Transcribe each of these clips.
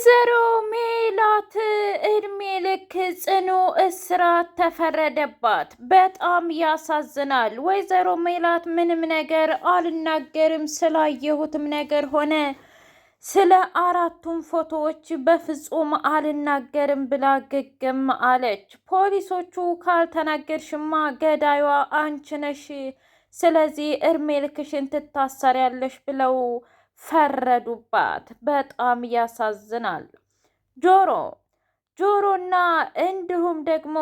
ወይዘሮ ሜላት እድሜ ልክ ጽኑ እስራት ተፈረደባት። በጣም ያሳዝናል። ወይዘሮ ሜላት ምንም ነገር አልናገርም ስላየሁትም ነገር ሆነ ስለ አራቱም ፎቶዎች በፍጹም አልናገርም ብላ ግግም አለች። ፖሊሶቹ ካልተናገርሽማ ገዳዩዋ አንቺ ነሽ፣ ስለዚህ እድሜ ልክሽን ትታሰሪያለሽ ብለው ፈረዱባት። በጣም ያሳዝናል። ጆሮ ጆሮና እንዲሁም ደግሞ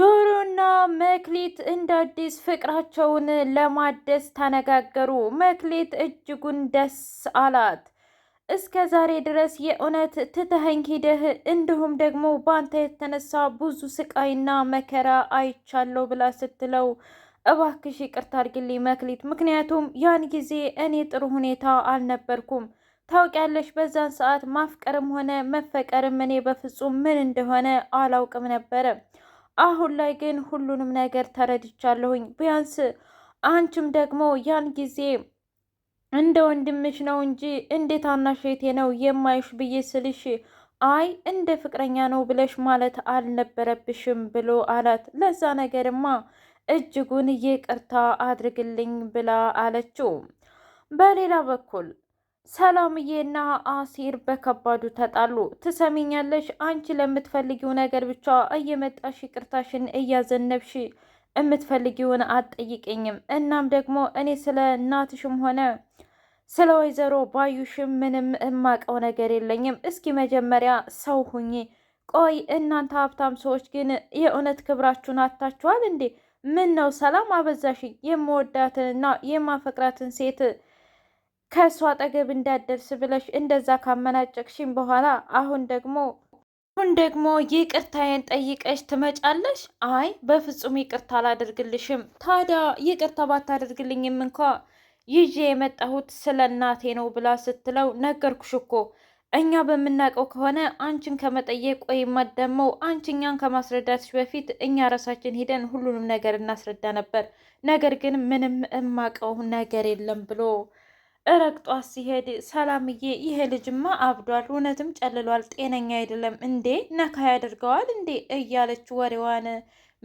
ጆሮና መክሊት እንደ አዲስ ፍቅራቸውን ለማደስ ተነጋገሩ። መክሊት እጅጉን ደስ አላት። እስከ ዛሬ ድረስ የእውነት ትተኸኝ ሂደህ እንዲሁም ደግሞ በአንተ የተነሳ ብዙ ስቃይና መከራ አይቻለሁ ብላ ስትለው እባክሽ ይቅርታ አድርጊልኝ መክሊት፣ ምክንያቱም ያን ጊዜ እኔ ጥሩ ሁኔታ አልነበርኩም። ታውቂያለሽ፣ በዛን ሰዓት ማፍቀርም ሆነ መፈቀርም እኔ በፍጹም ምን እንደሆነ አላውቅም ነበረ። አሁን ላይ ግን ሁሉንም ነገር ተረድቻለሁኝ። ቢያንስ አንቺም ደግሞ ያን ጊዜ እንደ ወንድምሽ ነው እንጂ እንዴት አናሸቴ ነው የማይሽ ብዬ ስልሽ አይ እንደ ፍቅረኛ ነው ብለሽ ማለት አልነበረብሽም ብሎ አላት። ለዛ ነገርማ እጅጉን ይቅርታ አድርግልኝ ብላ አለችው። በሌላ በኩል ሰላምዬና አሲር በከባዱ ተጣሉ። ትሰሚኛለሽ? አንቺ ለምትፈልጊው ነገር ብቻ እየመጣሽ ይቅርታሽን እያዘነብሽ የምትፈልጊውን አትጠይቅኝም። እናም ደግሞ እኔ ስለ እናትሽም ሆነ ስለ ወይዘሮ ባዩሽም ምንም እማቀው ነገር የለኝም። እስኪ መጀመሪያ ሰው ሁኚ። ቆይ እናንተ ሀብታም ሰዎች ግን የእውነት ክብራችሁን አታችኋል እንዴ? ምን ነው ሰላም አበዛሽኝ? የምወዳትንና የማፈቅራትን ሴት ከእሷ አጠገብ እንዳደርስ ብለሽ እንደዛ ካመናጨቅሽኝ በኋላ አሁን ደግሞ አሁን ደግሞ ይቅርታዬን ጠይቀሽ ትመጫለሽ? አይ በፍጹም ይቅርታ አላደርግልሽም። ታዲያ ይቅርታ ባታደርግልኝም እንኳ ይዤ የመጣሁት ስለ እናቴ ነው ብላ ስትለው ነገርኩሽ እኮ እኛ በምናውቀው ከሆነ አንቺን ከመጠየቅ ወይም ደግሞ አንቺ እኛን ከማስረዳትሽ በፊት እኛ ራሳችን ሄደን ሁሉንም ነገር እናስረዳ ነበር። ነገር ግን ምንም እማቀው ነገር የለም ብሎ እረግጧ ሲሄድ ሰላምዬ፣ ይሄ ልጅማ አብዷል፣ እውነትም ጨልሏል፣ ጤነኛ አይደለም እንዴ ነካ ያደርገዋል እንዴ እያለች ወሬዋን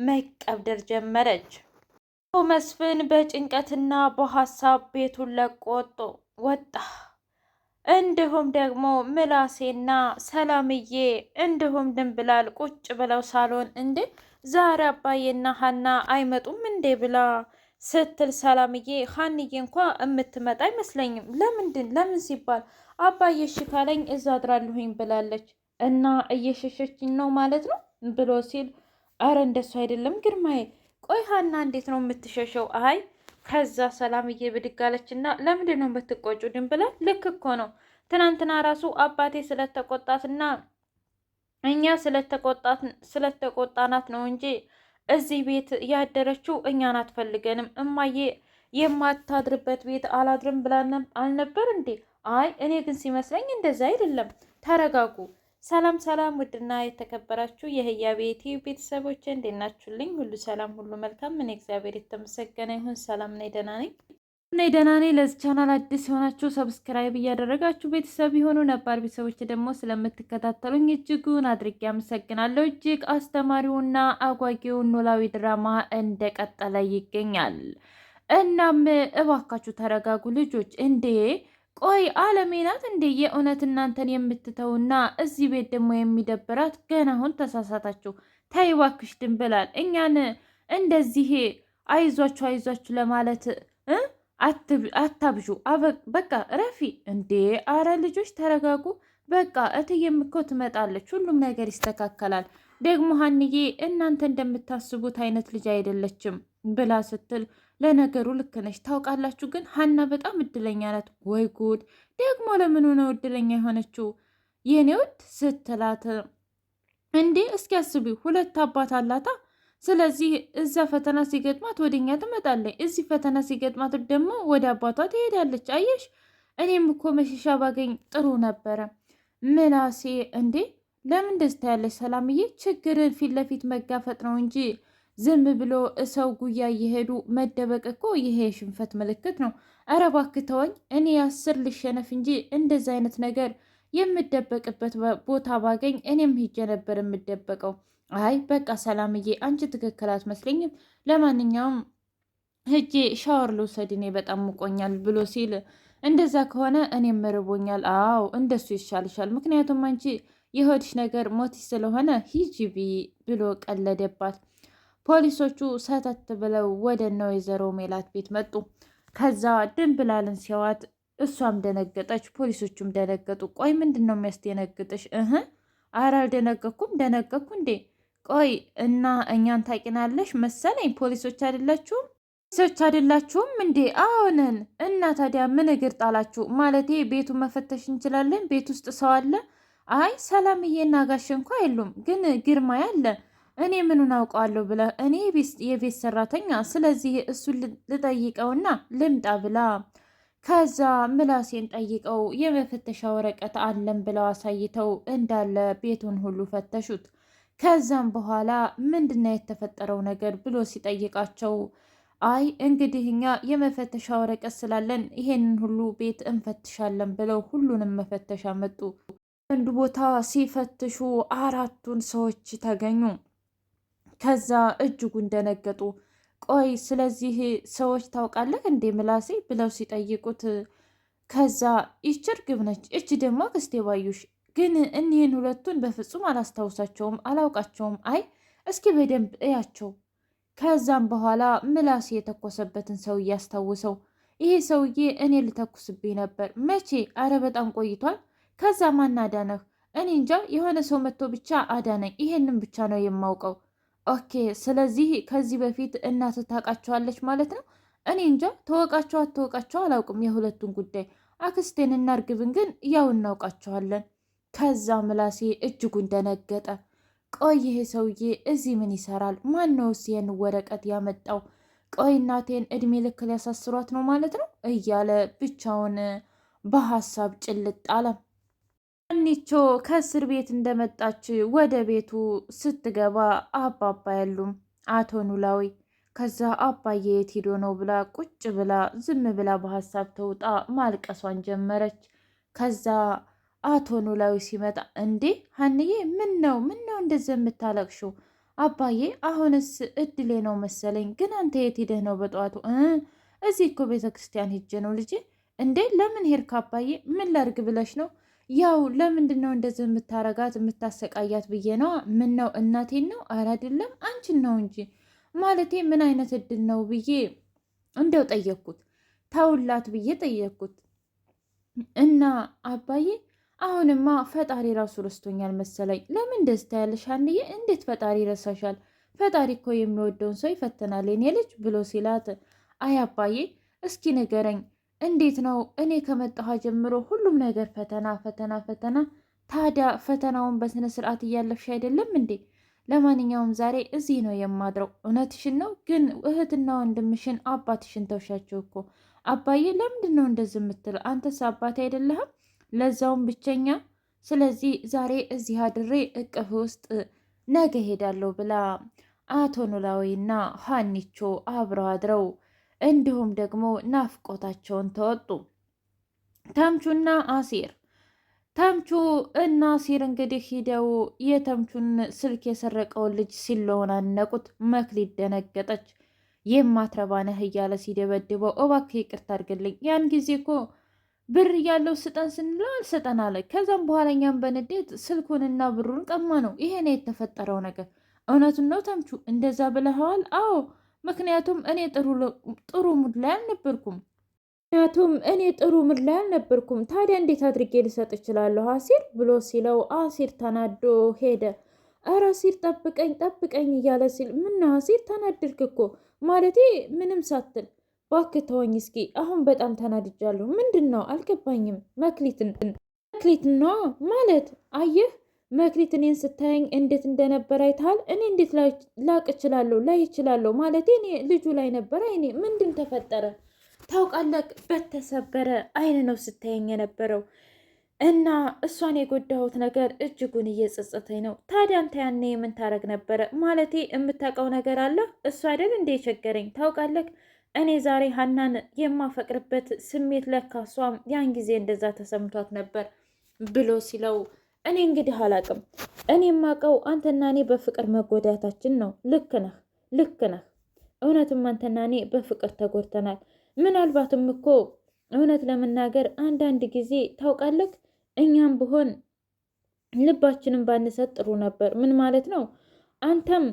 መቀብደር ጀመረች። መስፍን በጭንቀትና በሀሳብ ቤቱን ለቆ ወጣ። እንዲሁም ደግሞ ምላሴና ሰላምዬ እንዲሁም ድንብላል ቁጭ ብለው ሳሎን እንዴ ዛሬ አባዬና ሀና አይመጡም እንዴ ብላ ስትል ሰላምዬ ሀንዬ እንኳ የምትመጣ አይመስለኝም። ለምንድን ለምን ሲባል አባዬ እሺ ካለኝ እዛ አድራለሁኝ ብላለች እና እየሸሸችኝ ነው ማለት ነው ብሎ ሲል አረ እንደሱ አይደለም ግርማዬ። ቆይ ሀና እንዴት ነው የምትሸሸው? አይ ከዛ ሰላምዬ ብድግ አለች እና ለምንድን ነው የምትቆጩ? ድን ብላ ልክ እኮ ነው ትናንትና ራሱ አባቴ ስለተቆጣትና እኛ ስለተቆጣናት ነው እንጂ እዚህ ቤት ያደረችው እኛን አትፈልገንም። እማዬ የማታድርበት ቤት አላድርም ብላ አልነበር እንዴ? አይ እኔ ግን ሲመስለኝ እንደዛ አይደለም። ተረጋጉ ሰላም ሰላም፣ ውድና የተከበራችሁ የህያ ቤቴ ቤተሰቦች እንዴት ናችሁልኝ? ሁሉ ሰላም፣ ሁሉ መልካም። ምን እግዚአብሔር የተመሰገነ ይሁን። ሰላም ነኝ፣ ደህና ነኝ፣ ነኝ ደህና ነኝ እኔ ደህና ነኝ ለዚህ ቻናል አዲስ የሆናችሁ ሰብስክራይብ እያደረጋችሁ ቤተሰብ የሆኑ ነባር ቤተሰቦች ደግሞ ስለምትከታተሉኝ እጅጉን አድርጌ አመሰግናለሁ። እጅግ አስተማሪውና አጓጊው ኖላዊ ድራማ እንደቀጠለ ይገኛል። እናም እባካችሁ ተረጋጉ ልጆች እንዴ ቆይ አለሜ ናት እንዴ የእውነት እናንተን የምትተውና እዚህ ቤት ደግሞ የሚደብራት? ገና አሁን ተሳሳታችሁ። ተይ እባክሽ ድንብላል እኛን እንደዚህ አይዟችሁ አይዟችሁ ለማለት አታብዡ። በቃ ረፊ እንዴ! አረ ልጆች ተረጋጉ። በቃ እትዬም እኮ ትመጣለች፣ ሁሉም ነገር ይስተካከላል። ደግሞ ሀንዬ እናንተ እንደምታስቡት አይነት ልጅ አይደለችም ብላ ስትል ለነገሩ ልክ ነሽ። ታውቃላችሁ ግን ሀና በጣም እድለኛ ናት። ወይ ጉድ! ደግሞ ለምኑ ነው እድለኛ የሆነችው የኔ ውድ ስትላት፣ እንዴ እስኪ አስቢ፣ ሁለት አባት አላታ። ስለዚህ እዛ ፈተና ሲገጥማት ወደኛ ትመጣለች፣ እዚህ ፈተና ሲገጥማት ደግሞ ወደ አባቷ ትሄዳለች። አየሽ፣ እኔም እኮ መሸሻ ባገኝ ጥሩ ነበረ። ምናሴ፣ እንዴ ለምን ደስታ ያለች ሰላምዬ? ችግርን ፊት ለፊት መጋፈጥ ነው እንጂ ዝም ብሎ እሰው ጉያ እየሄዱ መደበቅ እኮ ይሄ የሽንፈት ምልክት ነው። ኧረ እባክህ ተወኝ፣ እኔ አስር ልሸነፍ እንጂ እንደዚህ አይነት ነገር የምደበቅበት ቦታ ባገኝ እኔም ሂጄ ነበር የምደበቀው። አይ በቃ ሰላምዬ፣ አንቺ ትክክል አትመስለኝም። ለማንኛውም ሂጄ ሻወር ልውሰድ፣ እኔ በጣም ሙቆኛል ብሎ ሲል እንደዛ ከሆነ እኔም ርቦኛል። አዎ እንደሱ ይሻልሻል፣ ምክንያቱም አንቺ የሆድሽ ነገር ሞቲ ስለሆነ ሂጂ ብሎ ቀለደባት። ፖሊሶቹ ሰተት ብለው ወደ እነ ወይዘሮ ሜላት ቤት መጡ። ከዛ ድንብላልን ሲያዋት እሷም ደነገጠች፣ ፖሊሶቹም ደነገጡ። ቆይ ምንድን ነው የሚያስደነግጥሽ? እህ አረ አልደነገኩም። ደነገኩ እንዴ? ቆይ እና እኛን ታቂናለሽ መሰለኝ። ፖሊሶች አይደላችሁም? ፖሊሶች አይደላችሁም እንዴ? አዎነን። እና ታዲያ ምን እግር ጣላችሁ? ማለቴ ቤቱ መፈተሽ እንችላለን? ቤት ውስጥ ሰው አለ? አይ ሰላምዬና ጋሽ እንኳ የሉም፣ ግን ግርማ ያለ እኔ ምኑን አውቀዋለሁ ብላ እኔ የቤት ሰራተኛ፣ ስለዚህ እሱን ልጠይቀውና ልምጣ ብላ ከዛ ምላሴን ጠይቀው የመፈተሻ ወረቀት አለን ብለው አሳይተው እንዳለ ቤቱን ሁሉ ፈተሹት። ከዛም በኋላ ምንድነው የተፈጠረው ነገር ብሎ ሲጠይቃቸው አይ እንግዲህ እኛ የመፈተሻ ወረቀት ስላለን ይሄንን ሁሉ ቤት እንፈትሻለን ብለው ሁሉንም መፈተሻ መጡ። አንዱ ቦታ ሲፈትሹ አራቱን ሰዎች ተገኙ። ከዛ እጅጉን ደነገጡ። ቆይ ስለዚህ ሰዎች ታውቃለህ እንዴ ምላሴ ብለው ሲጠይቁት ከዛ ይች እርግብ ነች፣ እች ደግሞ ክስቴ ባዩሽ። ግን እኒህን ሁለቱን በፍጹም አላስታውሳቸውም፣ አላውቃቸውም። አይ እስኪ በደንብ እያቸው። ከዛም በኋላ ምላሴ የተኮሰበትን ሰው አስታውሰው፣ ይሄ ሰውዬ እኔ ልተኩስብኝ ነበር። መቼ? አረ በጣም ቆይቷል። ከዛ ማን አዳነህ? እኔ እንጃ፣ የሆነ ሰው መጥቶ ብቻ አዳነኝ። ይሄንም ብቻ ነው የማውቀው። ኦኬ። ስለዚህ ከዚህ በፊት እናት ታውቃቸዋለች ማለት ነው። እኔ እንጃ ተወቃቸው አተወቃቸው አላውቅም፣ የሁለቱን ጉዳይ። አክስቴን እና እርግብን ግን ያው እናውቃቸዋለን። ከዛ ምላሴ እጅጉን ደነገጠ። ቆይ ይሄ ሰውዬ እዚህ ምን ይሰራል? ማን ነው ይህን ወረቀት ያመጣው? ቆይ እናቴን እድሜ ልክ ሊያሳስሯት ነው ማለት ነው እያለ ብቻውን በሀሳብ ጭልጥ አለም። አንቾ ከእስር ቤት እንደመጣች ወደ ቤቱ ስትገባ አባባ ያሉም አቶ ኖላዊ ከዛ አባዬ የት ሄዶ ነው ብላ ቁጭ ብላ ዝም ብላ በሀሳብ ተውጣ ማልቀሷን ጀመረች። ከዛ አቶ ኖላዊ ሲመጣ እንዴ ሀንዬ፣ ምን ነው ምን ነው እንደዚህ የምታለቅሽው? አባዬ አሁንስ እድሌ ነው መሰለኝ። ግን አንተ የት ሄደህ ነው በጠዋቱ? እዚህ እኮ ቤተ ክርስቲያን ሄጄ ነው ልጄ። እንዴ ለምን ሄድክ አባዬ? ምን ላድርግ ብለሽ ነው? ያው ለምንድን ነው እንደዚህ የምታረጋት የምታሰቃያት ብዬ ነዋ። ምን ነው እናቴን ነው? አረ አይደለም አንቺን ነው እንጂ ማለቴ ምን አይነት እድል ነው ብዬ እንደው ጠየቅኩት። ታውላት ብዬ ጠየቅኩት። እና አባዬ አሁንማ ፈጣሪ ራሱ ረስቶኛል መሰለኝ። ለምን ደስታ ያለሽ አንዬ? እንዴት ፈጣሪ ረሳሻል? ፈጣሪ እኮ የሚወደውን ሰው ይፈትናል የኔ ልጅ ብሎ ሲላት፣ አይ አባዬ እስኪ ንገረኝ እንዴት ነው እኔ ከመጣኋ ጀምሮ ሁሉም ነገር ፈተና ፈተና ፈተና። ታዲያ ፈተናውን በስነ ስርዓት እያለፍሽ አይደለም እንዴ? ለማንኛውም ዛሬ እዚህ ነው የማድረው። እውነትሽን ነው ግን እህትና ወንድምሽን አባትሽን ተውሻቸው እኮ። አባዬ ለምንድን ነው እንደዚህ የምትለው? አንተስ አባት አይደለህም? ለዛውም ብቸኛ። ስለዚህ ዛሬ እዚህ አድሬ እቅፍ ውስጥ ነገ ሄዳለሁ ብላ አቶ ኖላዊና ሀኒቾ አብረው አድረው እንዲሁም ደግሞ ናፍቆታቸውን ተወጡ። ተምቹና አሲር ተምቹ እና አሲር እንግዲህ ሂደው የተምቹን ስልክ የሰረቀውን ልጅ አነቁት። መክሊት ደነገጠች። የማትረባ ነህ እያለ ሲደበድበው እባክህ ይቅርታ አድርግልኝ፣ ያን ጊዜ እኮ ብር እያለው ስጠን ስንለው አልሰጠን አለ። ከዛም በኋላ እኛም በንዴት ስልኩንና ብሩን ቀማ ነው። ይሄ ነው የተፈጠረው ነገር። እውነቱን ነው ተምቹ፣ እንደዛ ብለኸዋል? አዎ ምክንያቱም እኔ ጥሩ ሙድ ላይ አልነበርኩም። ምክንያቱም እኔ ጥሩ ሙድ ላይ አልነበርኩም። ታዲያ እንዴት አድርጌ ልሰጥ እችላለሁ አሲር ብሎ ሲለው አሲር ተናዶ ሄደ። እረ አሲር ጠብቀኝ ጠብቀኝ እያለ ሲል ምና አሲር ተናድርክ እኮ ማለቴ ምንም ሳትል ባክ ተወኝ እስኪ አሁን በጣም ተናድጃለሁ። ምንድን ነው አልገባኝም። መክሊትን መክሊትና ማለት አየህ መክሊት እኔን ስታየኝ እንዴት እንደነበረ አይተሃል? እኔ እንዴት ላቅ እችላለሁ ላይ እችላለሁ ማለት እኔ ልጁ ላይ ነበረ። እኔ ምንድን ተፈጠረ ታውቃለህ? በተሰበረ አይን ነው ስታየኝ የነበረው እና እሷን የጎዳሁት ነገር እጅጉን እየጸጸተኝ ነው። ታዲያ አንተ ያኔ ምን ታረግ ነበረ? ማለቴ የምታውቀው ነገር አለ? እሱ አይደል እንደ የቸገረኝ ታውቃለህ? እኔ ዛሬ ሀናን የማፈቅርበት ስሜት ለካ እሷም ያን ጊዜ እንደዛ ተሰምቷት ነበር ብሎ ሲለው እኔ እንግዲህ አላቅም። እኔ የማውቀው አንተና እኔ በፍቅር መጎዳታችን ነው። ልክ ነህ፣ ልክ ነህ። እውነትም አንተና እኔ በፍቅር ተጎድተናል። ምናልባትም እኮ እውነት ለመናገር አንዳንድ ጊዜ ታውቃለህ፣ እኛም ብሆን ልባችንን ባንሰጥ ጥሩ ነበር። ምን ማለት ነው? አንተም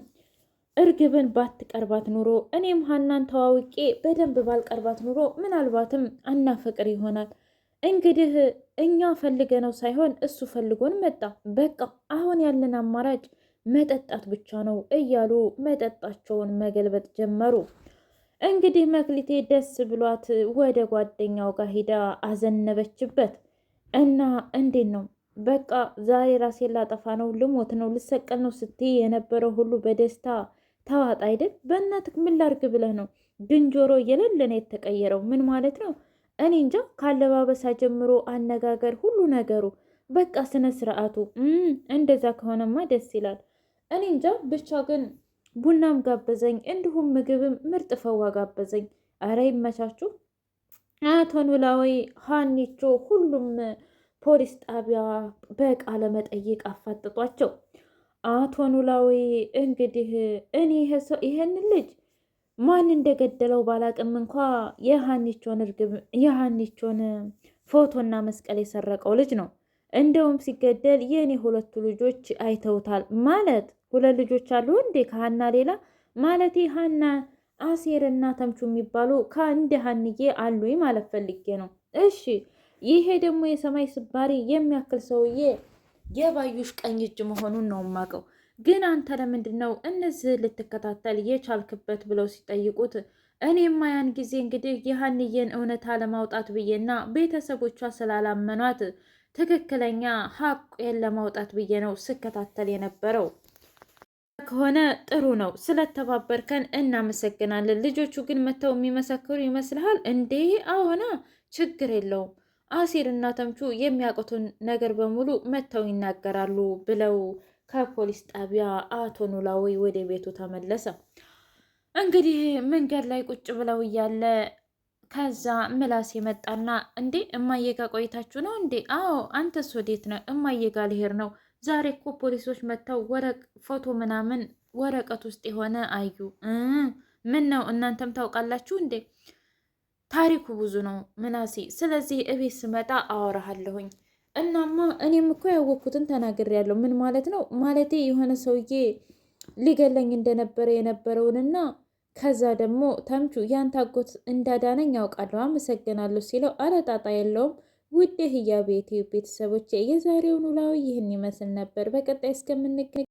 እርግብን ባትቀርባት ኑሮ እኔም ሀናን ተዋውቄ በደንብ ባልቀርባት ኑሮ ምናልባትም አናፈቅር ይሆናል። እንግዲህ እኛ ፈልገ ነው ሳይሆን እሱ ፈልጎን መጣ። በቃ አሁን ያለን አማራጭ መጠጣት ብቻ ነው እያሉ መጠጣቸውን መገልበጥ ጀመሩ። እንግዲህ መክሊቴ ደስ ብሏት ወደ ጓደኛው ጋር ሂዳ አዘነበችበት እና እንዴት ነው በቃ ዛሬ ራሴን ላጠፋ ነው ልሞት ነው ልሰቀል ነው ስትይ የነበረው ሁሉ በደስታ ተዋጣ አይደል? በእናትህ ምን ብለህ ነው ድንጆሮ ጆሮ የተቀየረው። ምን ማለት ነው? እኔ እንጃ ካለባበሳ ጀምሮ አነጋገር፣ ሁሉ ነገሩ በቃ ስነ ስርዓቱ። እንደዛ ከሆነማ ደስ ይላል። እኔ እንጃ ብቻ ግን ቡናም ጋበዘኝ፣ እንዲሁም ምግብም ምርጥ ፈዋ ጋበዘኝ። አረ ይመቻችሁ። አቶ ኖላዊ ሀኒቾ፣ ሁሉም ፖሊስ ጣቢያ በቃለ መጠይቅ አፋጥጧቸው። አቶ ኖላዊ እንግዲህ እኔ ይሄንን ልጅ ማን እንደገደለው ባላቅም እንኳ የሃኒቾን እርግብ ፎቶና መስቀል የሰረቀው ልጅ ነው። እንደውም ሲገደል የእኔ ሁለቱ ልጆች አይተውታል። ማለት ሁለት ልጆች አሉ እንዴ ከሀና ሌላ? ማለት ሀና አሴርና ተምቹ የሚባሉ ከእንደ ሀንዬ አሉኝ ማለት ፈልጌ ነው። እሺ ይሄ ደግሞ የሰማይ ስባሪ የሚያክል ሰውዬ የባዩሽ ቀኝ እጅ መሆኑን ነው የማውቀው። ግን አንተ ለምንድን ነው እነዚህ ልትከታተል የቻልክበት ብለው ሲጠይቁት እኔማ ያን ጊዜ እንግዲህ የሀንዬን እውነታ ለማውጣት ብዬና ቤተሰቦቿ ስላላመኗት ትክክለኛ ሀቁን ለማውጣት ብዬ ነው ስከታተል የነበረው። ከሆነ ጥሩ ነው ስለተባበርከን እናመሰግናለን። ልጆቹ ግን መተው የሚመሰክሩ ይመስልሃል እንዴ? አዎና፣ ችግር የለውም አሴርና ተምቹ የሚያውቁትን ነገር በሙሉ መተው ይናገራሉ ብለው ከፖሊስ ጣቢያ አቶ ኖላዊ ወደ ቤቱ ተመለሰ። እንግዲህ መንገድ ላይ ቁጭ ብለው እያለ ከዛ ምላስ የመጣና እንዴ እማዬ ጋ ቆይታችሁ ነው እንዴ? አዎ። አንተስ ወዴት ነው? እማዬ ጋ ልሄድ ነው። ዛሬ እኮ ፖሊሶች መጥተው ፎቶ ምናምን ወረቀት ውስጥ የሆነ አዩ። ምን ነው እናንተም ታውቃላችሁ እንዴ? ታሪኩ ብዙ ነው ምናሴ። ስለዚህ እቤት ስመጣ አወራሃለሁኝ። እናማ እኔም እኮ ያወቅኩትን ተናግሬያለሁ። ምን ማለት ነው? ማለቴ የሆነ ሰውዬ ሊገለኝ እንደነበረ የነበረውንና ከዛ ደግሞ ተምቹ ያንተ አጎት እንዳዳነኝ ያውቃለሁ፣ አመሰግናለሁ ሲለው አረጣጣ የለውም። ውድ ህያ ቤት ቤተሰቦች የዛሬውን ኖላዊ ይህን ይመስል ነበር። በቀጣይ እስከምንገናኝ